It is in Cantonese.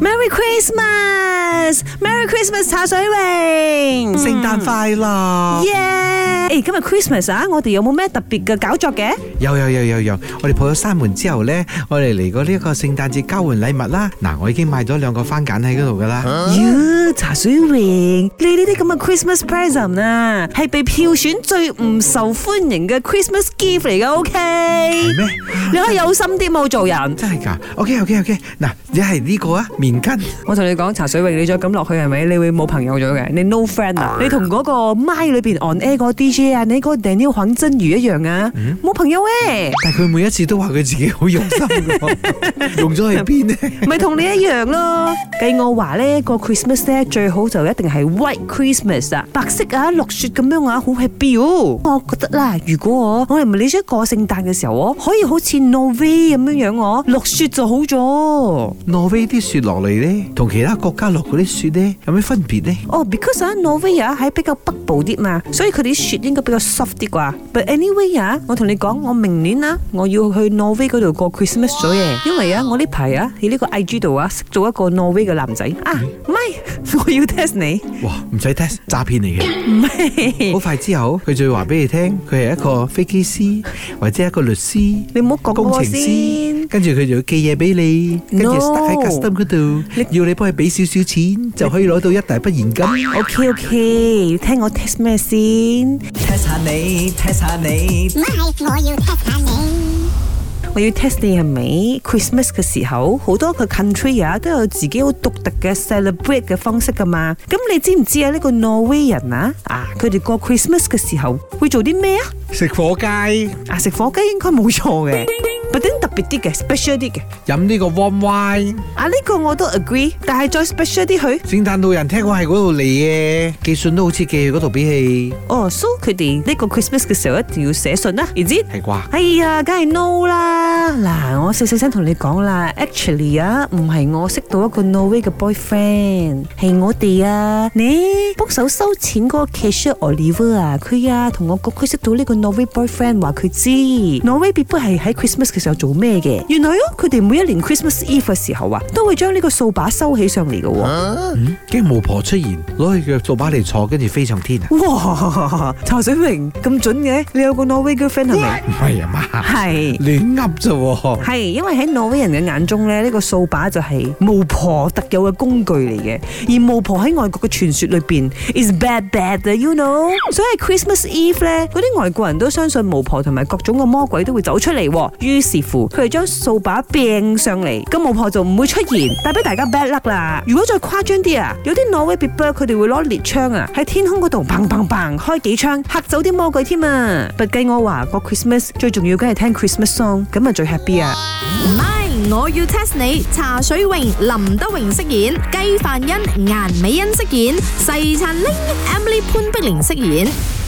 Merry Christmas，Merry Christmas，茶水榮，聖誕快樂。Yes，誒，今日 Christmas 啊，我哋有冇咩特別嘅搞作嘅？有有有有有，我哋抱咗山門之後咧，我哋嚟過呢一個聖誕節交換禮物啦。嗱，我已經買咗兩個番枧喺嗰度噶啦。喲，茶水榮，你呢啲咁嘅 Christmas present 啊，係被票選最唔受歡迎嘅 Christmas gift 嚟嘅，OK？係咩？你可以有心啲冇做人。真係噶，OK OK OK，嗱，你係呢個啊。我同你講，茶水位，你再咁落去係咪，你會冇朋友咗嘅？你 no friend 啊？你同嗰個 MY 裏邊 on air 個 DJ 啊？你個 Daniel 仿真如一樣啊？冇朋友誒！但係佢每一次都話佢自己好用心，用咗去邊咧？咪同你一樣咯。計我話咧，個 Christmas 咧最好就一定係 White Christmas 啊！白色啊，落雪咁樣啊，好 happy 哦！我覺得啦，如果我我嚟馬來西亞過聖誕嘅時候，我可以好似挪威咁樣樣，我落雪就好咗。挪威啲雪落。嚟咧，同其他國家落嗰啲雪咧，有咩分別呢？哦，because 啊，挪威啊喺比較北部啲嘛，所以佢啲雪應該比較 soft 啲啩。But anyway 啊，我同你講，我明年啊，我要去挪威嗰度過 Christmas 嘅。因為啊，我呢排啊喺呢個 IG 度啊，識做一個挪威嘅男仔。啊，唔係，我要 test 你。哇，唔使 test，詐騙嚟嘅。唔係，好快之後佢就會話俾你聽，佢係一個飛機師或者一個律師、你唔好講、工程師。跟住佢就寄嘢俾你，跟住塞喺 customs 嗰度，你要你幫佢俾少少錢，你就可以攞到一大筆現金。O K O K，要聽我 test 咩先？test 下你，test 下你，唔係我要 test 下你，我要 test 你係咪？Christmas 嘅時候，好多個 country 啊都有自己好獨特嘅 celebrate 嘅方式噶嘛。咁你知唔知啊？呢個挪威人啊啊，佢哋過 Christmas 嘅時候會做啲咩啊？食火雞啊，食火雞應該冇錯嘅。特別嘅，special 啲嘅，飲呢個 warm wine。啊，呢個我都 agree，但係再 special 啲去。聖誕老人聽講係嗰度嚟嘅，寄信都好似寄去嗰度俾佢。哦，so 佢哋呢個 Christmas 嘅時候一定要寫信啊，唔知？係啩？哎呀，梗係 no 啦。嗱，我細細聲同你講啦，actually 啊，唔係我識到一個 Norway 嘅 boyfriend，係我哋啊，你幫手收錢嗰個 cashier Oliver 啊，佢啊同我講佢識到呢個 Norway boyfriend 話佢知，Norway people 係喺 Christmas 嘅時候做咩？原來哦，佢哋每一年 Christmas Eve 嘅時候啊，都會將呢個掃把收起上嚟嘅、哦。驚、嗯、巫婆出現，攞起個掃把嚟坐，跟住飛上天啊！哇！查水明咁準嘅，你有個 Norwegian friend 係咪、啊？唔係嗎啊嘛，係亂噏咋？係是、啊、因為喺挪威人嘅眼中咧，呢、這個掃把就係巫婆特有嘅工具嚟嘅。而巫婆喺外國嘅傳說裏邊，is bad bad，do you know。所以 Christmas Eve 咧，嗰啲外國人都相信巫婆同埋各種嘅魔鬼都會走出嚟。於是乎。佢哋將掃把掟上嚟，咁巫婆就唔會出現。帶俾大家 bad luck 啦！如果再誇張啲啊，有啲挪威 big bird，佢哋會攞獵槍啊喺天空嗰度砰砰砰開幾槍，吓走啲魔鬼添啊！不計我話個 Christmas 最重要，梗係聽 Christmas song，咁啊最 happy 啊！My，我要 test 你，茶水泳、林德榮飾演，雞飯恩、顏美恩飾演，細陳玲、Emily 潘碧玲飾演。